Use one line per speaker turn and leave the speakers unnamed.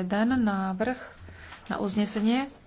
jeden návrh na uznesenie